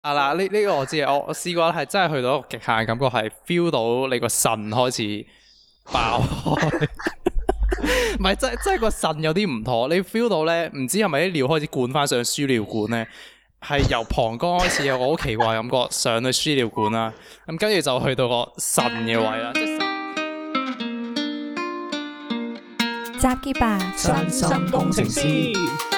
啊嗱，呢、這、呢個我知我我試過係真係去到極限，感覺係 feel 到你個腎開始爆開，唔 係真真係個腎有啲唔妥，你 feel 到咧，唔知係咪啲尿開始灌翻上輸尿管咧，係由膀胱開始，有個好奇怪感覺上到輸尿管啦，咁跟住就去到個腎嘅位啦。扎記吧， 身心工程師。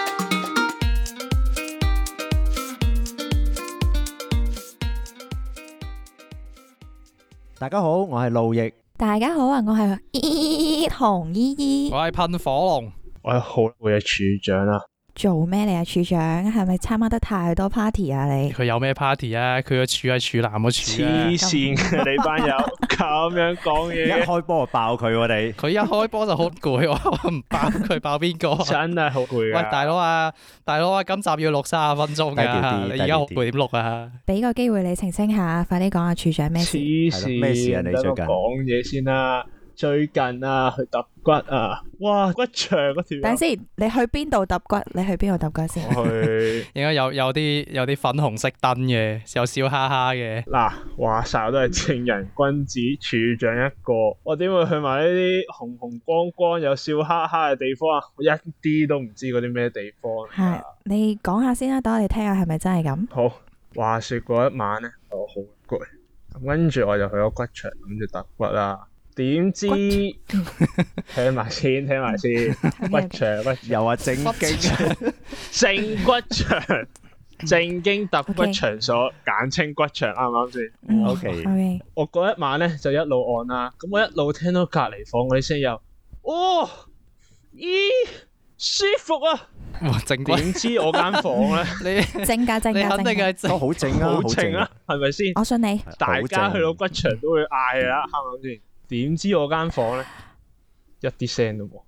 大家好，我係盧易。大家好啊，我係依依唐依依。咦咦咦咦咦，我係噴火龍，我係好嘅處長啊。做咩嚟啊，處長？係咪參加得太多 party 啊？你佢有咩 party 啊？佢個處係處男個處！黐線，你班友咁樣講嘢，一開波就爆佢啊，你。佢一開波就好攰，我唔爆佢爆邊個？真係好攰啊！喂，大佬啊，大佬啊，今集要錄三十分鐘㗎，啊，你而家好攰點，點，點錄啊？俾個機會你澄清下，快啲講下處長咩事？咩事啊？你最近講嘢先啦。最近啊，去揼骨啊，哇，骨場骨店。等先，你去邊度揼骨？你去邊度揼骨先？我去是， 應該有有啲有啲粉紅色燈嘅，有笑哈哈嘅。嗱，話晒我都係正人君子處長一個。我點會去埋呢啲紅紅光光又笑哈哈嘅地方啊？我一啲都唔知嗰啲咩地方啊。係，你講下先啦，等我哋聽下係咪真係咁。好，話說嗰一晚咧，我好攰，咁跟住我就去咗骨場諗住揼骨啦。點知聽埋先，聽埋先，骨場喂，又話正經，正骨場，正經特骨場所，簡稱骨場，啱唔啱先？O K，我嗰一晚咧就一路按啦，咁我一路聽到隔籬房嗰啲聲又哦，咦，舒服啊！哇，正，點知我間房咧？你正噶正，你肯定係正，都好正啊，好正啊，係咪先？我信你，大家去到骨場都會嗌啦，啱唔啱先？點知我間房咧一啲聲都冇，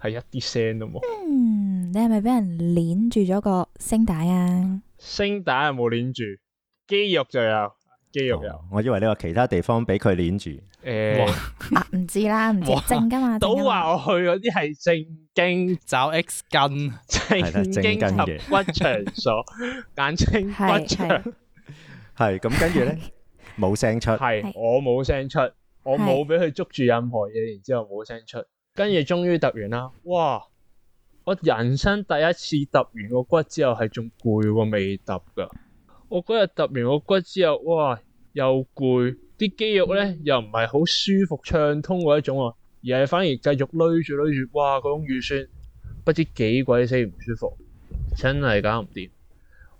係一啲聲都冇。嗯，你係咪俾人捏住咗個聲帶啊？聲帶有冇捏住？肌肉就有，肌肉有。我以為你話其他地方俾佢捏住。誒，唔知啦，唔知正噶嘛？都話我去嗰啲係正經找 X 筋，正經入屈場所，眼睛骨長。係咁，跟住咧冇聲出。係我冇聲出。我冇俾佢捉住任何嘢，然之後冇聲出，跟住終於揼完啦。哇！我人生第一次揼完個骨之後係仲攰喎，未揼噶。我嗰日揼完個骨之後，哇，又攰，啲肌肉咧又唔係好舒服暢通嗰一種啊，而係反而繼續累住累住，哇，嗰種乳酸，不知幾鬼死唔舒服，真係搞唔掂。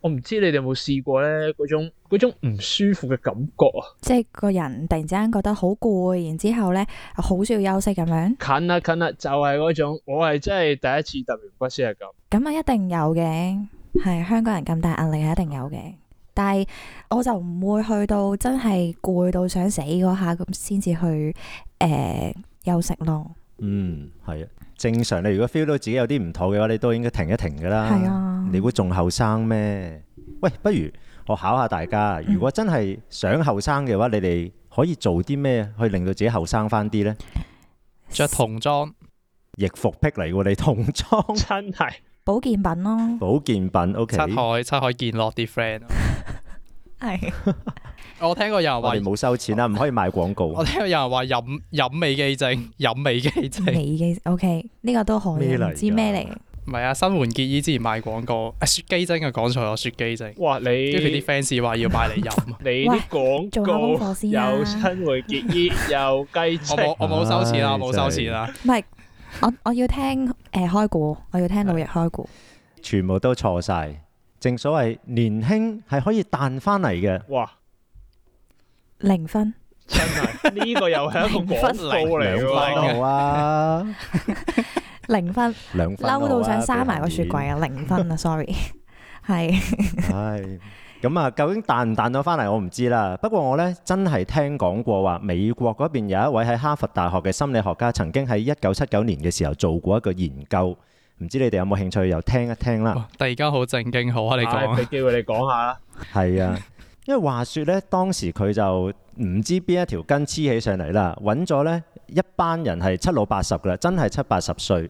我唔知你哋有冇試過呢嗰種種唔舒服嘅感覺啊，即係個人突然之間覺得好攰，然之後咧好需要休息咁樣近啊近啊，就係、是、嗰種我係真係第一次揼完骨先係咁咁啊，一定有嘅係香港人咁大壓力係一定有嘅，但係我就唔會去到真係攰到想死嗰下咁先至去誒、呃、休息咯。嗯，係啊，正常你如果 feel 到自己有啲唔妥嘅話，你都應該停一停噶啦。係啊的，你估仲後生咩？喂，不如我考，考下大家，嗯、如果真係想後生嘅話，你哋可以做啲咩，去令到自己後生翻啲呢？着童裝，異服癖嚟喎，你童裝真係是保健品咯，保健品 OK，出海出海見落啲 friend，係。 我聽過有人話冇收錢啦，唔可以賣廣告。我聽過有人話飲飲味雞精，飲味雞精。味雞 OK，呢個都可以。唔知咩嚟？唔係啊，新垣結衣之前賣廣告，雪雞精啊講錯咗雪雞精。哇，你跟住啲 fans 話要買嚟飲。你啲廣告，做下功課先啊。有新垣結衣又雞精。我冇我冇收錢啦，我冇收錢啦。唔係，我我要聽誒開估，我要聽老日開估。全部都錯晒，正所謂年輕係可以彈翻嚟嘅。哇！零分，真係呢個又係一個果凍嚟嘅，好啊！零分，嬲到想閂埋個雪櫃啊！零分啊，sorry，係。係，咁啊，究竟彈唔彈到翻嚟我唔知啦。不過我呢真係聽講過話，美國嗰邊有一位喺哈佛大學嘅心理學家，曾經喺一九七九年嘅時候做過一個研究。唔知你哋有冇興趣又聽一聽啦？突然間好正經，好啊，你講。俾機會你講下啦。係啊。因為話說咧，當時佢就唔知邊一條筋黐起上嚟啦，揾咗咧一班人係七老八十噶啦，真係七八十歲，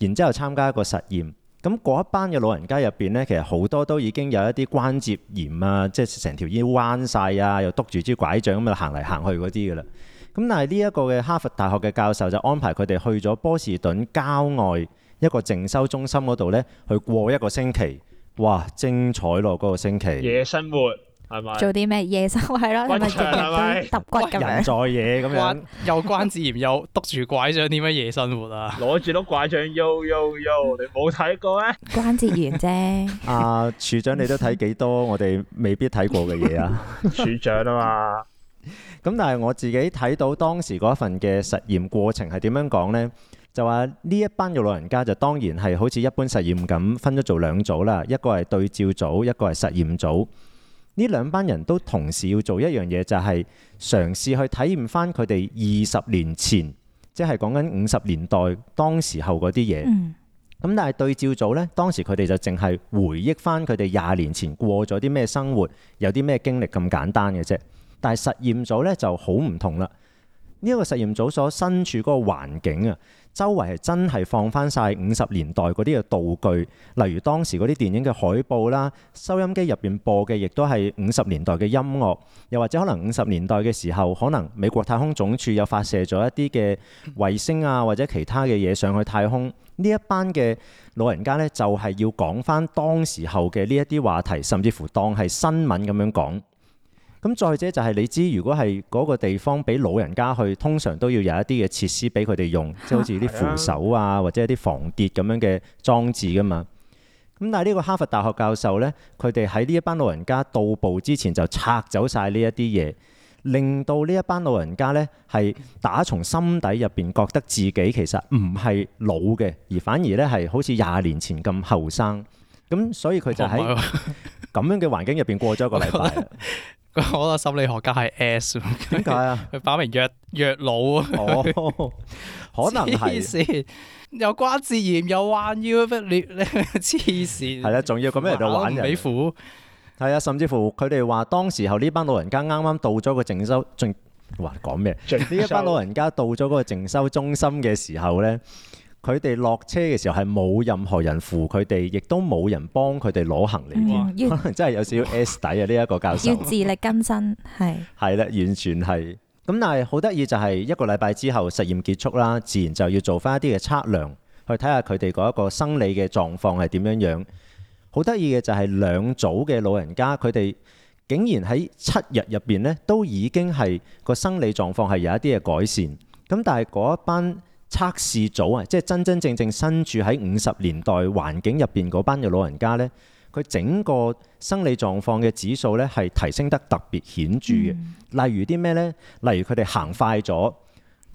然之後參加一個實驗。咁嗰一班嘅老人家入邊咧，其實好多都已經有一啲關節炎啊，即係成條腰彎晒啊，又篤住支拐杖咁啊行嚟行去嗰啲噶啦。咁但係呢一個嘅哈佛大學嘅教授就安排佢哋去咗波士頓郊外一個靜修中心嗰度咧，去過一個星期。哇！精彩咯，嗰、那個星期夜生活。做啲咩夜生活咯？係咪入啲揼骨咁樣？人在夜咁樣，又關節炎又篤住拐杖點樣夜生活啊？攞住碌拐杖，呦呦呦，你冇睇過咩？關節炎啫。啊，處長，你都睇幾多我哋未必睇過嘅嘢啊？處長啊嘛。咁但係我自己睇到當時嗰一份嘅實驗過程係點樣講呢？就話呢一班嘅老人家就當然係好似一般實驗咁分咗做兩組啦，一個係對照組，一個係實驗組。呢兩班人都同時要做一樣嘢，就係嘗試去體驗翻佢哋二十年前，即係講緊五十年代當時候嗰啲嘢。咁、嗯、但係對照組呢，當時佢哋就淨係回憶翻佢哋廿年前過咗啲咩生活，有啲咩經歷咁簡單嘅啫。但係實驗組呢就好唔同啦。呢一個實驗組所身處嗰個環境啊。周圍係真係放翻晒五十年代嗰啲嘅道具，例如當時嗰啲電影嘅海報啦，收音機入邊播嘅亦都係五十年代嘅音樂，又或者可能五十年代嘅時候，可能美國太空總署又發射咗一啲嘅衛星啊，或者其他嘅嘢上去太空。呢一班嘅老人家呢，就係要講翻當時候嘅呢一啲話題，甚至乎當係新聞咁樣講。咁再者就係你知，如果係嗰個地方俾老人家去，通常都要有一啲嘅設施俾佢哋用，即係好似啲扶手啊，或者一啲防跌咁樣嘅裝置噶嘛。咁但係呢個哈佛大學教授呢，佢哋喺呢一班老人家到步之前就拆走晒呢一啲嘢，令到呢一班老人家呢係打從心底入邊覺得自己其實唔係老嘅，而反而呢係好似廿年前咁後生。咁所以佢就喺咁樣嘅環境入邊過咗一個禮拜。我覺得心理學家係 S，點解啊？佢擺明虐虐老啊！ 哦，可能係黐線又瓜自然，又彎不要不你黐線。係啊，仲要咁樣嚟度玩人。虎？係啊，甚至乎佢哋話當時候呢班老人家啱啱到咗個靜修，淨話講咩？呢一班老人家到咗嗰個靜修中心嘅時候咧。佢哋落車嘅時候係冇任何人扶佢哋，亦都冇人幫佢哋攞行李添。可能真係有少少蝕底啊哇！呢一 個教授 要自力更生，係係啦，完全係。咁但係好得意就係一個禮拜之後實驗結束啦，自然就要做翻一啲嘅測量，去睇下佢哋嗰一個生理嘅狀況係點樣樣。好得意嘅就係兩組嘅老人家，佢哋竟然喺七日入邊呢，都已經係個生理狀況係有一啲嘅改善。咁但係嗰一班測試組啊，即係真真正正身處喺五十年代環境入邊嗰班嘅老人家呢，佢整個生理狀況嘅指數呢，係提升得特別顯著嘅。例如啲咩呢？例如佢哋行快咗，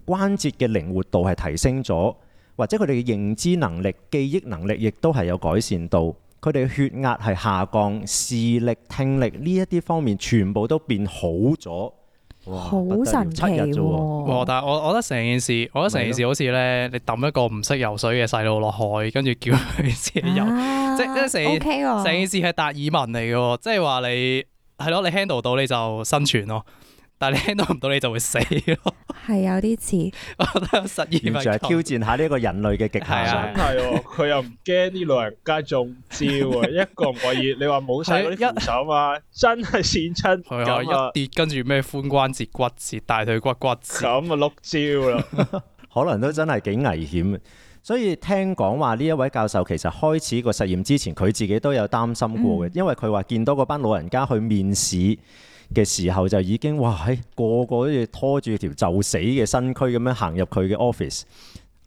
關節嘅靈活度係提升咗，或者佢哋嘅認知能力、記憶能力亦都係有改善到。佢哋血壓係下降，視力、聽力呢一啲方面全部都變好咗。好神奇喎！但係我，我覺得成件事，的我覺得成件事好似咧，你抌一個唔識游水嘅細路落海，跟住叫佢自己游。啊、即係成成件事係、啊、達爾文嚟嘅，即係話你係咯，你 handle 到你就生存咯。但係你聽到唔到你就會死咯， 係有啲似。我覺得實驗，點住挑戰下呢個人類嘅極限啊！係哦，佢又唔驚啲老人家中招啊！ 一個唔可以，你話冇晒嗰啲扶手啊， 一真係閃親咁啊！一跌跟住咩髖關節骨折、大腿骨骨折，咁啊碌招啦！ 可能都真係幾危險。所以聽講話呢一位教授其實開始個實驗之前，佢自己都有擔心過嘅，因為佢話見到嗰班老人家去面試嘅時候就已經哇喺、哎、個個都好似拖住條就死嘅身軀咁樣行入佢嘅 office，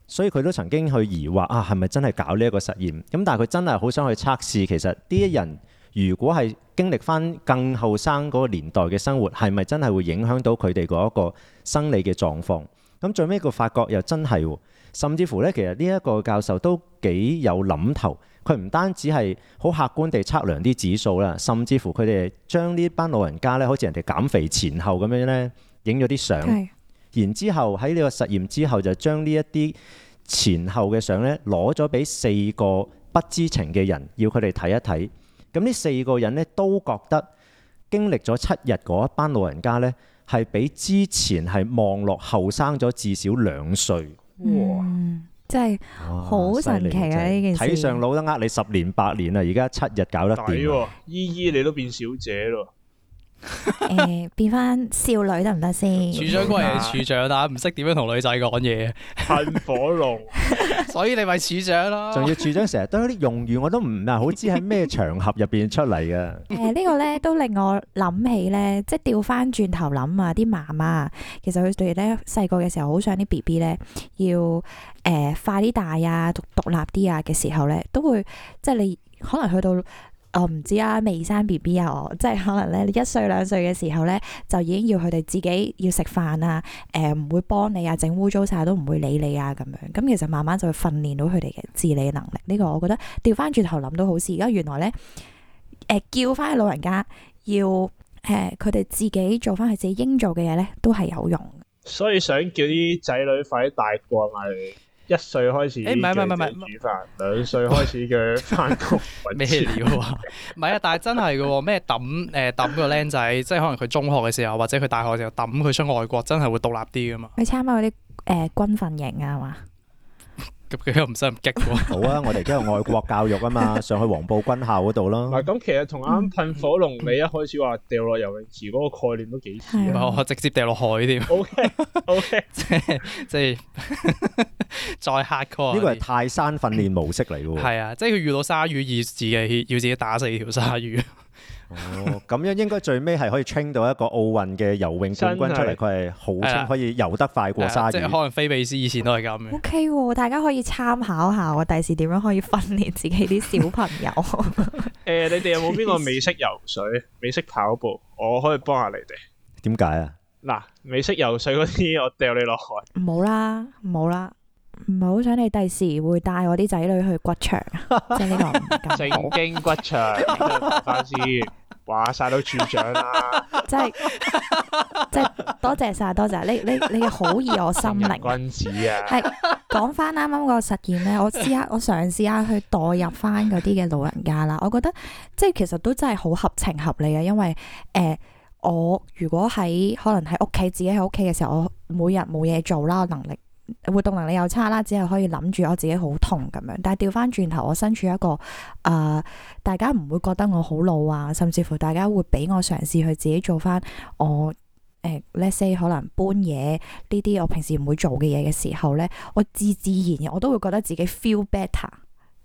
所以佢都曾經去疑惑啊，係咪真係搞呢一個實驗？咁但係佢真係好想去測試，其實啲人如果係經歷翻更後生嗰個年代嘅生活，係咪真係會影響到佢哋嗰一個生理嘅狀況？咁最尾個發覺又真係甚至乎咧，其實呢一個教授都幾有諗頭。佢唔單止係好客觀地測量啲指數啦，甚至乎佢哋將呢班老人家咧，好似人哋減肥前後咁樣咧，影咗啲相。對然之後喺呢個實驗之後，就將呢一啲前後嘅相咧攞咗俾四個不知情嘅人，要佢哋睇一睇。咁呢四個人咧都覺得經歷咗七日嗰一班老人家咧，係比之前係望落後生咗至少兩歲。嗯、哇，真係好神奇啊！呢件事，睇上腦都呃你十年八年啦，而家七日搞得掂，啊，依依你都變小姐咯。誒、 呃，變翻少女得唔得先？處長梗係處長啊，唔識點樣同女仔講嘢，噴 火龍， 所以你咪處長咯。仲要處長成日都有啲用語，我都唔係好知喺咩場合入邊出嚟嘅。誒、呃，這個、呢個咧都令我諗起咧，即係調翻轉頭諗啊，啲媽媽其實佢哋咧細個嘅時候，好想啲 B B 咧要誒快啲大啊，獨獨立啲啊嘅時候咧，都會即係你可能去到。我唔知啊，未生 B B 啊，我即係可能咧，一歲兩歲嘅時候咧，就已經要佢哋自己要食飯啊，誒、呃、唔會幫你啊，整污糟晒都唔會理你啊，咁樣，咁其實慢慢就會訓練到佢哋嘅自理能力。呢、這個我覺得調翻轉頭諗都好事，而家原來咧，誒、呃、叫翻老人家要，誒佢哋自己做翻佢自己應做嘅嘢咧，都係有用。所以想叫啲仔女快啲大個咪。一歲開始，誒、欸，唔係唔係唔係唔係，兩歲是開始嘅，翻工咩料啊？唔係啊，但係真係嘅喎，咩抌誒抌個僆仔， 即係可能佢中學嘅時候，或者佢大學嘅時候，抌佢出外國，真係會獨立啲噶嘛？你參加嗰啲誒軍訓營啊嘛？咁佢又唔使咁激喎。 好啊，我哋而家係外國教育啊嘛，上去黃埔軍校嗰度咯。嗱，咁其實同啱噴火龍，尾一開始話掉落游泳池嗰個概念都幾似。直接掉落海添。O K O K，即係再吓過。呢個係泰山訓練模式嚟嘅喎。係 啊，即係佢遇到鯊魚，而自係要自己打死條鯊魚。 哦，咁樣應該最尾係可以 train 到一個奧運嘅游泳冠軍出嚟，佢係好可以游得快過鯊魚。即係可能菲比斯以前都係咁。O K， 大家可以參考下，我第時點樣可以訓練自己啲小朋友。誒、 欸，你哋有冇邊個未識游水、經 未識跑步？我可以幫下你哋。點解啊？嗱，未識游水嗰啲，我掉你落海。冇啦，冇啦，唔係好想你第時會帶我啲仔女去骨場，即係呢個正經骨場 哇！話晒到處長啦，即係即係多謝晒，多謝你你你好意，我心領。君子啊，係講翻啱啱個實驗咧，我試下，我嘗試下去代入翻嗰啲嘅老人家啦。我覺得即係其實都真係好合情合理嘅，因為誒、呃，我如果喺可能喺屋企自己喺屋企嘅時候，我每日冇嘢做啦，我能力。活動能力又差啦，只係可以諗住我自己好痛咁樣。但係調翻轉頭，我身處一個誒、呃，大家唔會覺得我好老啊，甚至乎大家會俾我嘗試去自己做翻我誒、呃，let's say 可能搬嘢、呢啲我平時唔會做嘅嘢嘅時候呢，我自自然然我都會覺得自己 feel better。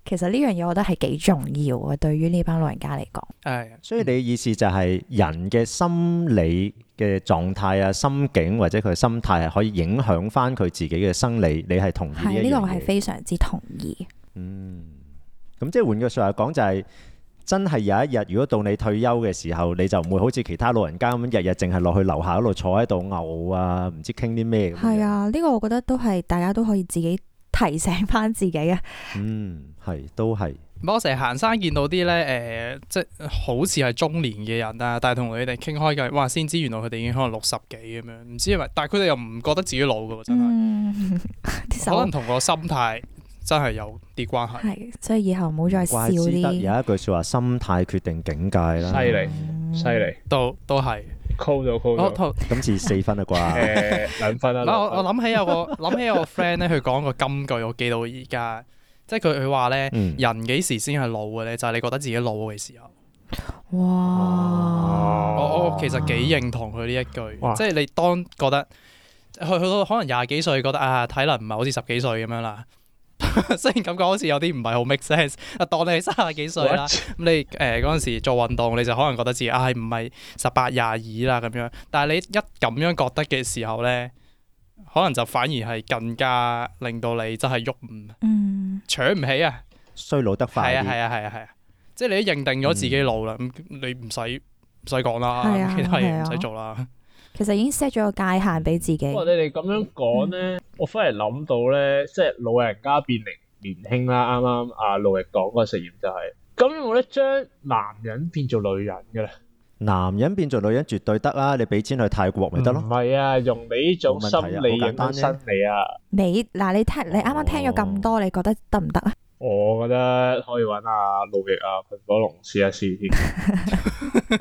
其實呢樣嘢我覺得係幾重要嘅，對於呢班老人家嚟講。嗯、所以你嘅意思就係人嘅心理嘅狀態啊、心境或者佢嘅心態係可以影響翻佢自己嘅生理。你係同意？係呢個我係非常之同意。嗯，咁即係換句說話講，就係真係有一日，如果到你退休嘅時候，你就唔會好似其他老人家咁日日淨係落去樓下嗰度坐喺度嘔啊，唔知傾啲咩。係啊，呢個我覺得都係大家都可以自己提醒翻自己嘅。嗯。係都係，我成日行山見到啲咧，誒、呃，即係好似係中年嘅人啊，但係同佢哋傾開偈，哇，先知原來佢哋已經可能六十幾咁樣，唔知係咪？但係佢哋又唔覺得自己老噶真係。嗯、 可能同個心態真係有啲關係。係，所以以後唔好再笑。怪之得有一句說話，心態決定境界啦。犀利，犀利，都都係。call 咗 call 咗。Oh, to 今次四分啊啩，兩、 欸、分啊。 我我諗起有個諗 起有個 friend 咧，佢講個金句，我記到而家。即係佢佢話咧，嗯、人幾時先係老嘅咧？就係、是、你覺得自己老嘅時候。哇！我我其實幾認同佢呢一句，哇即係你當覺得去到可能廿幾歲覺得啊體能唔係好似十幾歲咁樣啦， 雖然感覺好似有啲唔係好 make sense，但係當你三十幾歲啦，咁 What? 你誒嗰陣時做運動，你就可能覺得自己啊係唔係十八廿二啦咁樣。但係你一咁樣覺得嘅時候咧。可能就反而係更加令到你真係喐唔，搶唔、嗯、起啊！衰老得快啲。係啊係啊係啊係啊！即係你都認定咗自己老啦，咁你唔使唔使講啦，其他嘢唔使做啦。其實已經 set 咗個界限俾自己。不過哇、嗯！你哋咁樣講咧，我反而諗到咧，即係老人家變嚟年輕啦。啱啱阿路易講個實驗就係、是，咁有冇得將男人變做女人噶啦。男人變做女人絕對得啦，你俾錢去泰國咪得咯？唔係啊，用你呢種心理嘅心理啊！啊你嗱，你聽你啱啱聽咗咁多，你覺得得唔得啊？哦、我覺得可以揾阿陸毅啊、噴火龍試一試先。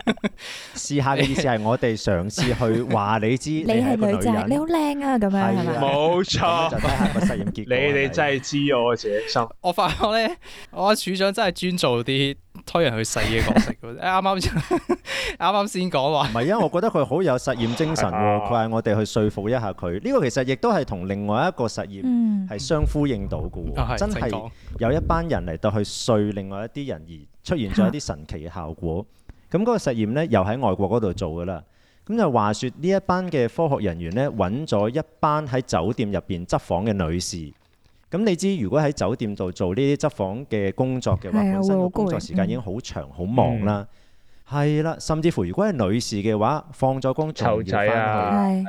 試 下嘅意思係我哋嘗試去話你知你 你，你係女仔，你好靚啊，咁樣係冇錯，啊、錯 就睇下個實驗結果。 你哋真係知我嘅意思。我發覺咧，我處長真係專做啲。推人去死嘅角色，啱啱啱啱先講話，唔係 啊！我覺得佢好有實驗精神、啊，佢係、啊、我哋去說服一下佢。呢、呢個其實亦都係同另外一個實驗係相呼應到嘅，嗯、真係有一班人嚟到去說另外一啲人而出現咗一啲神奇嘅效果。咁嗰、啊、個實驗呢，又喺外國嗰度做噶啦。咁就話說呢一班嘅科學人員呢，揾咗一班喺酒店入邊執房嘅女士。咁你知，如果喺酒店度做呢啲執房嘅工作嘅話，本身個工作時間已經好長、好忙啦，係啦。甚至乎，如果係女士嘅話，放咗工仲要返去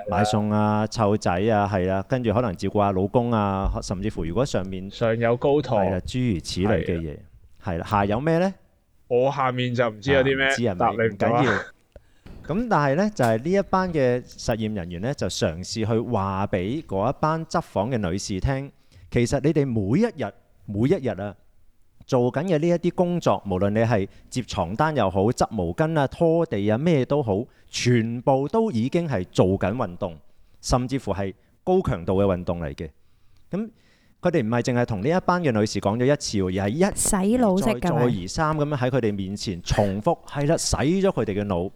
買餸啊、湊仔啊，係啦，跟住可能照顧下老公啊。甚至乎，如果上面上有高堂，諸如此類嘅嘢，係啦。下有咩咧？我下面就唔知有啲咩，你唔緊要。咁但係咧，就係呢一班嘅實驗人員咧，就嘗試去話俾嗰一班執房嘅女士聽。其實你哋每一日每一日啊，做緊嘅呢一啲工作，無論你係接床單又好、執毛巾啊、拖地啊，咩都好，全部都已經係做緊運動，甚至乎係高強度嘅運動嚟嘅。咁佢哋唔係淨係同呢一班嘅女士講咗一次，而係一洗腦式咁樣，再而三咁樣喺佢哋面前重複，係啦， 洗咗佢哋嘅腦，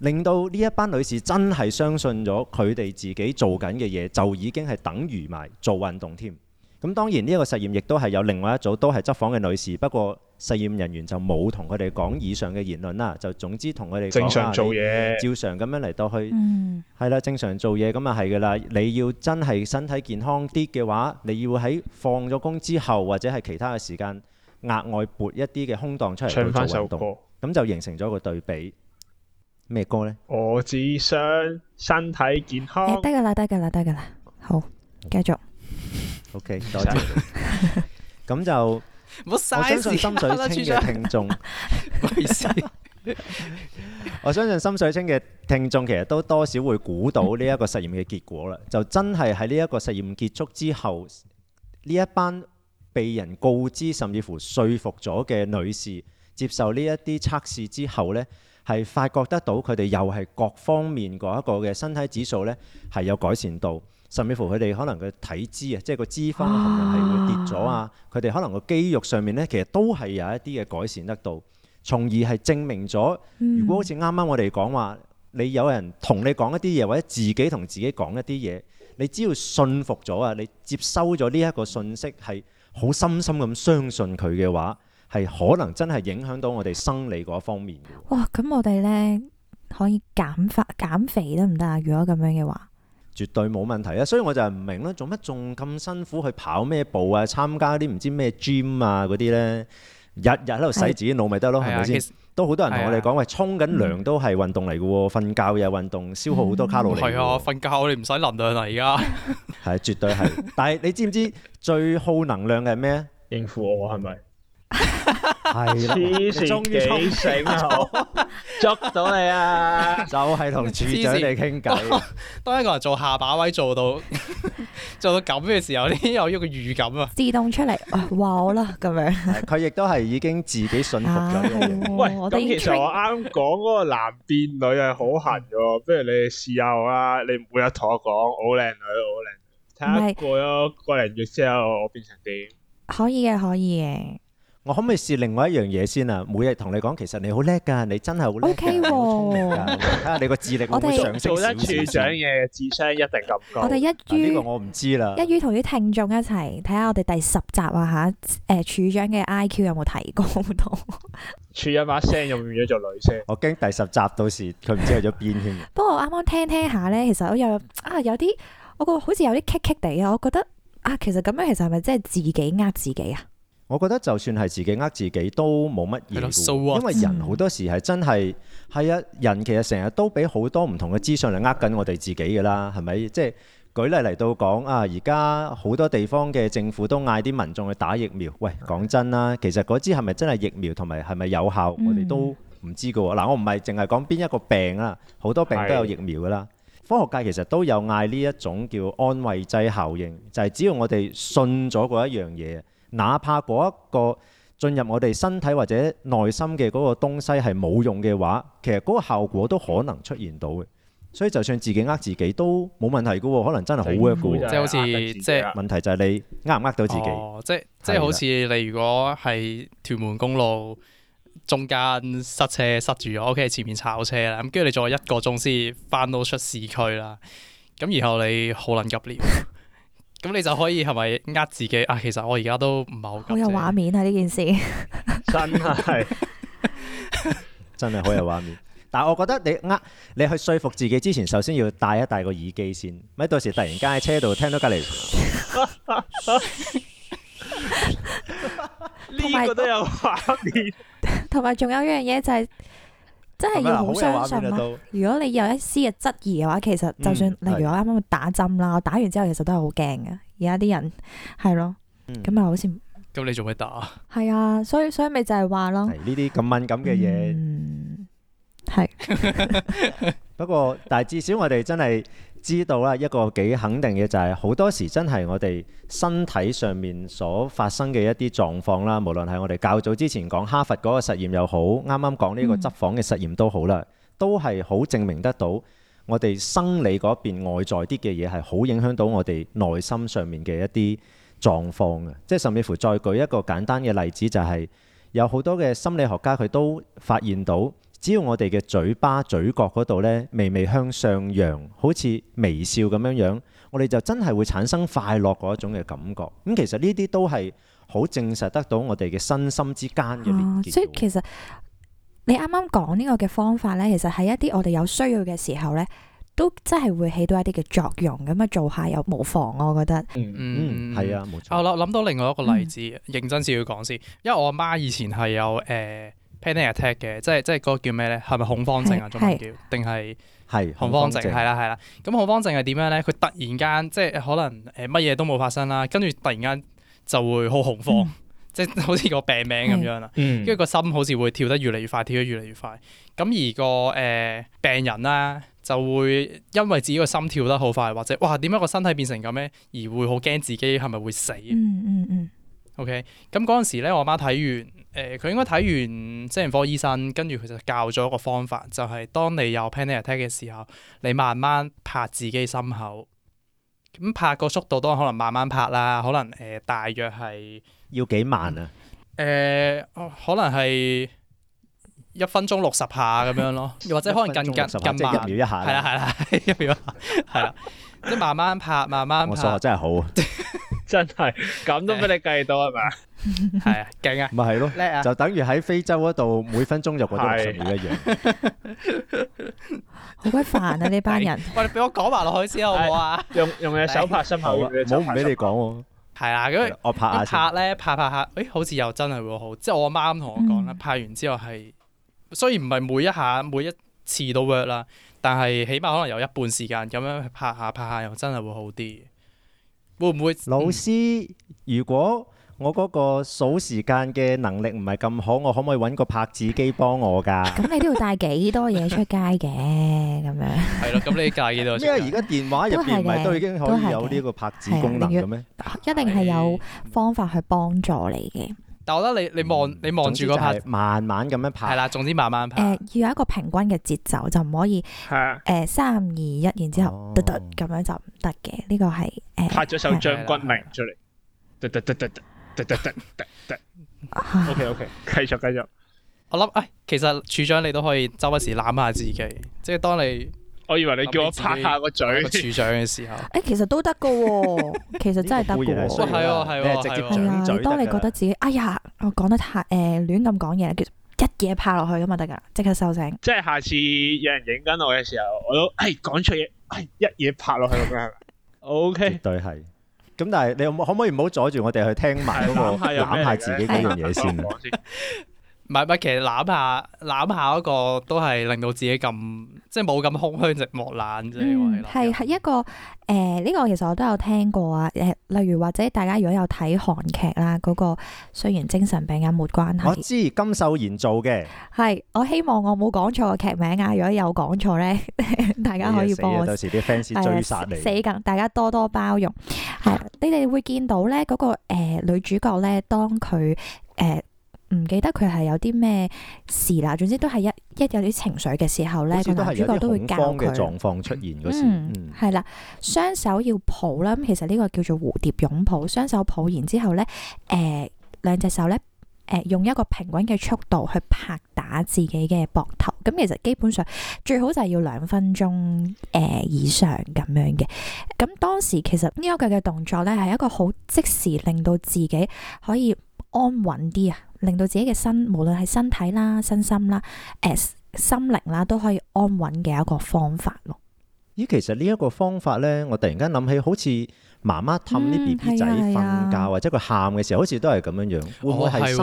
令到呢一班女士真係相信咗佢哋自己做緊嘅嘢，就已經係等於埋做運動添。咁當然呢一個實驗亦都係有另外一組都係執房嘅女士，不過實驗人員就冇同佢哋講以上嘅言論啦。就總之同佢哋正常做嘢，照常咁樣嚟到去，係啦，正常做嘢咁啊係噶啦。你要真係身體健康啲嘅話，你要喺放咗工之後或者係其他嘅時間，額外撥一啲嘅空檔出嚟做運動。唱翻首歌，咁就形成咗一個對比。咩歌呢？我只想身體健康。得噶啦，得噶啦，得噶啦。好，繼續。OK，多謝 就。咁就、啊、我相信心水清嘅聽眾， 啊、 我相信心水清嘅聽眾其實都多少會估到呢一個實驗嘅結果啦。就真係喺呢一個實驗結束之後，呢一班被人告知甚至乎説服咗嘅女士接受呢一啲測試之後呢，係發覺得到佢哋又係各方面嗰一個嘅身體指數呢，係有改善到。甚至乎佢哋可能個體脂啊，即係個脂肪含量係會跌咗啊。佢哋可能個、啊、肌肉上面咧，其實都係有一啲嘅改善得到，從而係證明咗，如果好似啱啱我哋講話，嗯、你有人同你講一啲嘢，或者自己同自己講一啲嘢，你只要信服咗啊，你接收咗呢一個信息係好深深咁相信佢嘅話，係可能真係影響到我哋生理嗰方面嘅。哇！咁我哋咧可以減法減肥得唔得啊？如果咁樣嘅話。絕對冇問題啦，所以我就唔明啦，做乜仲咁辛苦去跑咩步啊？參加啲唔知咩 gym 啊嗰啲呢？日日喺度洗自己腦咪得咯，係咪先？吧的都好多人同我哋講，的喂，沖緊涼都係運動嚟嘅喎，瞓、嗯、覺又運動，消耗好多卡路里。係啊、嗯，瞓覺我哋唔使能量啊，而家係絕對係。但係你知唔知最耗能量嘅係咩？ 應付我係咪？是係啦，終於醒咗， 捉到你啊！ 就係同處長你傾偈，當一個人做下把位做到做到咁嘅時候，你 有一個預感啊？自動出嚟，哇啦咁樣。佢亦都係已經自己信服咗呢、啊、 喂，其實我啱講嗰個男變女係好狠嘅，不如你試下我啦。你每日同我講，好靚女，好靚，睇下過咗個零月之後我變成點？可以嘅，可以嘅。我可唔可以試另外一樣嘢先啊？每日同你講，其實你好叻噶，你真係好叻，好聰明噶。睇下你個 智力會唔會上升少少？我哋做得處長嘅智商一定咁高。 我哋一於同啲聽眾一齊睇下，看看我哋第十集啊吓，誒、呃，處長嘅 IQ 有冇提高？到？ 處長把聲有冇變咗做女聲？ 我驚第十集到時佢唔知去咗邊添。 不過我啱啱聽著聽下咧，其實我又有啊，有啲我個好似有啲棘棘地啊，我覺得啊，其實咁樣其實係咪真係自己呃自己啊？我覺得就算係自己呃自己都冇乜意義， 因為人好多時係真係係啊，人其實成日都俾好多唔同嘅資訊嚟呃緊我哋自己噶啦，係咪？即係舉例嚟到講啊，而家好多地方嘅政府都嗌啲民眾去打疫苗。喂，講真啦，其實嗰支係咪真係疫苗同埋係咪有效，我哋都唔知噶。嗱、嗯，我唔係淨係講邊一個病啊，好多病都有疫苗噶啦。是科學界其實都有嗌呢一種叫安慰劑效應，就係、是、只要我哋信咗嗰一樣嘢。哪怕嗰一個進入我哋身體或者內心嘅嗰個東西係冇用嘅話，其實嗰個效果都可能出現到嘅。所以就算自己呃自己都冇問題嘅喎，可能真係好一即係好似即係問題就係你呃唔呃到自己。哦、即即好似你如果係屯門公路中間塞車塞住咗，OK，前面炒車啦，咁跟住你再一個鐘先返到出市區啦。咁然後你好撚急尿 咁你就可以係咪呃自己啊？其實我而家都唔係好。好有畫面啊！呢件事真係 真係好有畫面。但係我覺得你呃你去說服自己之前，首先要戴一戴個耳機先，咪到時突然間喺車度聽到隔離。呢個都有畫面。同埋仲有一樣嘢就係。真係要好相信咯，啊？係唔係如果你有一絲嘅質疑嘅話，嗯、其實就算例如我啱啱去打針啦，的我打完之後其實都係好驚㗎。而家啲人係咯，咁咪好似咁你做咩打？係啊，所以所以咪就係話咯，呢啲咁敏感嘅嘢，嗯，係 不過但係至少我哋真係。知道啦，一個幾肯定嘅就係、是、好多時真係我哋身體上面所發生嘅一啲狀況啦，無論係我哋較早之前講哈佛嗰個實驗又好，啱啱講呢個執房嘅實驗都好啦，都係好證明得到我哋生理嗰邊外在啲嘅嘢係好影響到我哋內心上面嘅一啲狀況，嘅，即係甚至乎再舉一個簡單嘅例子就係、是、有好多嘅心理學家佢都發現到。只要我哋嘅嘴巴，嘴角嗰度咧微微向上揚，好似微笑咁樣樣，我哋就真係會產生快樂嗰一種嘅感覺。咁、嗯、其實呢啲都係好證實得到我哋嘅身心之間嘅連結，哦。所以其實，你啱啱講呢個嘅方法咧，其實喺一啲我哋有需要嘅時候咧，都真係會起到一啲嘅作用。咁樣做下又冇妨，我覺得。嗯嗯，係、嗯、啊，冇錯。嗯、好啦，諗到另外一個例子，嗯、認真少少講先，因為我阿媽以前係有誒。呃 panic attack 嘅，即係即係嗰個叫咩呢？係咪恐慌症啊？中文叫定係恐慌症？係啦係啦。咁恐慌症係點樣呢？佢突然間即係可能誒乜嘢都冇發生啦，跟住突然間就會好恐慌，嗯、即係好似個病名咁樣啦。跟住個心好似會跳得越嚟越快，跳得越嚟越快。咁而、嗰個誒、呃、病人啦，就會因為自己個心跳得好快，或者「哇點解個身體變成咁呢？」而會好驚自己係咪會死？嗯嗯嗯。OK，咁嗰陣時呢，我媽睇完。誒佢、呃、應該睇完精神科醫生，跟住佢就教咗一個方法，就係、是、當你有 panic attack 嘅時候，你慢慢拍自己心口。咁拍個速度都可能慢慢拍啦，可能誒、呃、大約係要幾慢啊？誒、呃、可能係一分鐘六十下咁樣咯，或者可能更加 更慢，即係一秒一下，係啦係啦，一秒一下，係啦，即慢慢拍慢慢拍。我數學真係好啊！ 真係咁都俾你計到係嘛？係啊，勁啊！咪係咯，叻啊！就等於喺非洲嗰度每分鐘入個屋企上面一樣，好鬼煩啊！呢班人，喂，你俾我講埋落去先好唔好啊？用用隻手拍心口，唔好唔俾你講。係啊，咁我拍下。拍咧拍拍下，哎，好似又真係會好。即係我阿媽咁同我講啦，拍完之後係雖然唔係每一下、每一次都 work 啦，但係起碼可能有一半時間咁樣去拍下拍下，又真係會好啲。會唔會、嗯、老師？如果我嗰個數時間嘅能力唔係咁好，我可唔可以揾個拍子機幫我噶？咁你都要帶幾多嘢出街嘅咁樣？係咯，咁你介意啊？因為而家電話入邊唔係都已經可以有呢個拍子功能嘅咩？ 一定係有方法去幫助你嘅。但我覺得你你望、嗯、你望住個拍慢慢咁樣拍係啦，總之慢慢拍。誒、呃、要有一個平均嘅節奏，就唔可以係啊誒三二一，呃、3, 2, 1, 然之後突咁、哦、樣就唔得嘅。呢、這個係誒、呃、拍咗首《將軍令》出嚟來 ，OK OK，繼續繼續。繼續 我諗誒、哎，其實處長你都可以周不時攬下自己， 即係當你。我以為你叫我拍下個嘴，處長嘅時候。誒，其實都得嘅喎，其實真係得嘅喎。都係喎，係喎。係當你覺得自己哎呀，我講得太誒亂咁講嘢，叫一嘢拍落去咁啊得㗎，即刻收聲。即係下次有人影緊我嘅時候，我都誒講錯嘢，誒一嘢拍落去咁啊。OK，對係。咁但係你可唔可以唔好阻住我哋去聽埋嗰個，我攬下自己幾樣嘢先。其實攬下攬下嗰個都係令到自己咁即係冇咁空虛寂寞冷啫。係係、嗯、一個誒呢、欸、個其實我都有聽過啊誒，欸、例如或者大家如果有睇韓劇啦，嗰、那個雖然精神病啊，沒關係。我、啊、知金秀賢做嘅係我希望我冇講錯個劇名啊！如果有講錯咧， 大家可以幫我。死啊！到時啲 fans 追殺你。呃、死㗎！大家多多包容。係、 嗯、你哋會見到咧嗰個誒女主角咧，當佢誒。唔記得佢係有啲咩事啦。總之都係一一有啲情緒嘅時候呢，咁個主角都會驚嘅狀況出現嗰時，係啦、嗯，雙、嗯、手要抱啦。咁其實呢個叫做蝴蝶擁抱，雙手抱然，然之後呢，誒，兩隻手呢，誒，用一個平均嘅速度去拍打自己嘅膊頭。咁其實基本上最好就係要兩分鐘誒、呃、以上咁樣嘅。咁當時其實呢一個嘅動作呢，係一個好即時令到自己可以安穩啲啊。令到自己嘅身，無論係身體啦、身心啦、誒心靈啦，都可以安穩嘅一個方法咯。咦，其實呢一個方法咧，我突然間諗起，好似媽媽氹啲 B B 仔瞓覺，嗯啊、或者佢喊嘅時候，好似都係咁樣樣。會唔會係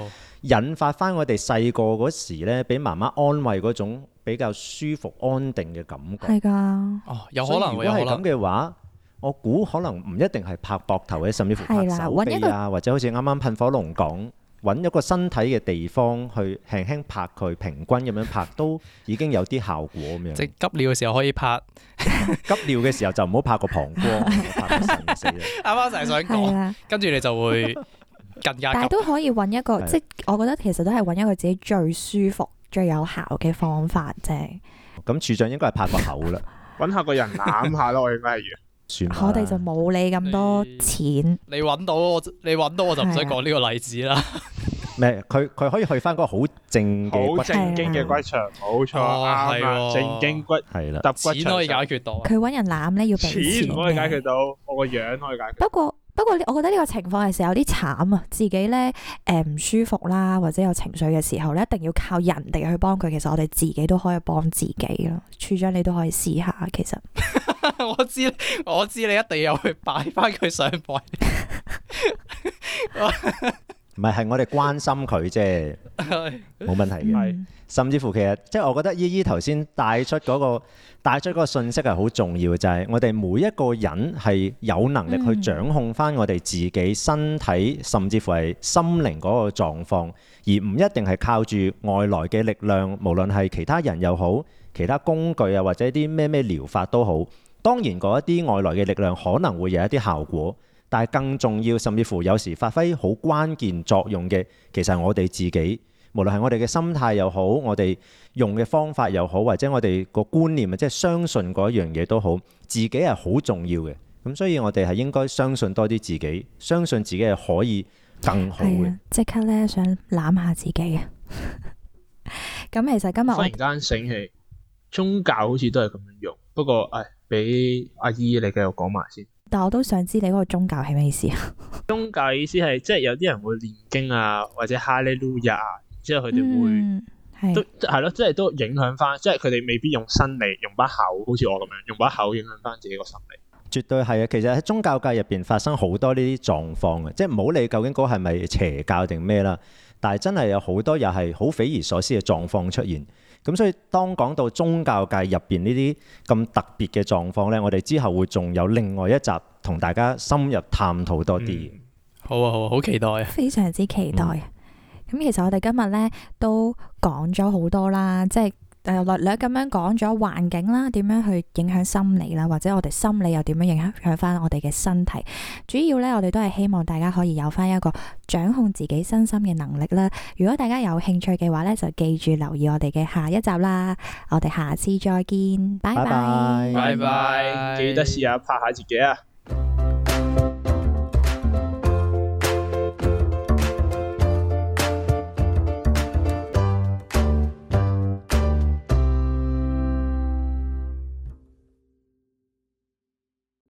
深引發翻我哋細個嗰時咧，俾媽媽安慰嗰種比較舒服安定嘅感覺？係㗎、啊。哦，有可能有可能。如果係咁嘅話，我估可能唔一定係拍膊頭，甚至乎拍手臂啊，或者好似啱啱噴火龍講。揾一個身體嘅地方去輕輕拍佢，平均咁樣拍都已經有啲效果咁樣。即係急尿嘅時候可以拍， 急尿嘅時候就唔好拍個膀胱， 拍到神死啦！啱啱就係想講，跟住、啊、你就會更加急。但係都可以揾一個，啊、即係我覺得其實都係揾一個自己最舒服、最有效嘅方法啫。咁處長應該係拍個口啦，揾 下個人攬下咯， 我認為算。我哋就冇你咁多錢。你揾到我，你揾到我就唔使講呢個例子啦。 咩？佢佢可以去翻嗰個好正嘅正經嘅骨場，冇錯啊，係正經骨，係啦，揼骨場可以解決到。佢揾人攬咧，要俾錢。錢可以解決到，我個樣可以解決。不過不過，我覺得呢個情況係實有啲慘啊！自己咧誒唔舒服啦，或者有情緒嘅時候咧，一定要靠人哋去幫佢。其實我哋自己都可以幫自己咯。處長你都可以試下，其實。 我知，我知，你一定要去擺翻佢上位。 唔係，係我哋關心佢啫，冇 問題嘅。嗯、甚至乎其實，即、就、係、是、我覺得姨姨頭先帶出嗰、那個帶出嗰個訊息係好重要嘅，就係、是、我哋每一個人係有能力去掌控返我哋自己身體，甚至乎係心靈嗰個狀況，而唔一定係靠住外來嘅力量，無論係其他人又好，其他工具啊，或者啲咩咩療法都好。當然，嗰一啲外來嘅力量可能會有一啲效果。但係更重要，甚至乎有時發揮好關鍵作用嘅，其實我哋自己。無論係我哋嘅心態又好，我哋用嘅方法又好，或者我哋個觀念啊，即係相信嗰一樣嘢都好，自己係好重要嘅。咁所以我哋係應該相信多啲自己，相信自己係可以更好嘅。啊、即刻咧，想攬下自己。咁 其實今日忽然間醒起，宗教好似都係咁樣用。不過誒俾阿姨你繼續講埋先。但我都想知你嗰個宗教係咩意思啊？ 宗教意思係即係有啲人會念經啊，或者哈利路亞，之後佢哋會、嗯、都係咯，即係都影響翻，即係佢哋未必用心理，用把口，好似我咁樣，用把口影響翻自己個心理。絕對係啊！其實喺宗教界入邊發生好多呢啲狀況嘅，即係唔好理究竟嗰個係咪邪教定咩啦，但係真係有好多又係好匪夷所思嘅狀況出現。咁所以，當講到宗教界入邊呢啲咁特別嘅狀況呢，我哋之後會仲有另外一集同大家深入探討多啲、嗯。好啊，好啊，好，好期待啊！非常之期待。咁、嗯、其實我哋今日呢都講咗好多啦，即係。誒，略略咁樣講咗環境啦，點樣去影響心理啦，或者我哋心理又點樣影響翻我哋嘅身體？主要呢，我哋都係希望大家可以有翻一個掌控自己身心嘅能力啦。如果大家有興趣嘅話呢，就記住留意我哋嘅下一集啦。我哋下次再見，拜拜，拜拜，記得試下拍下自己啊！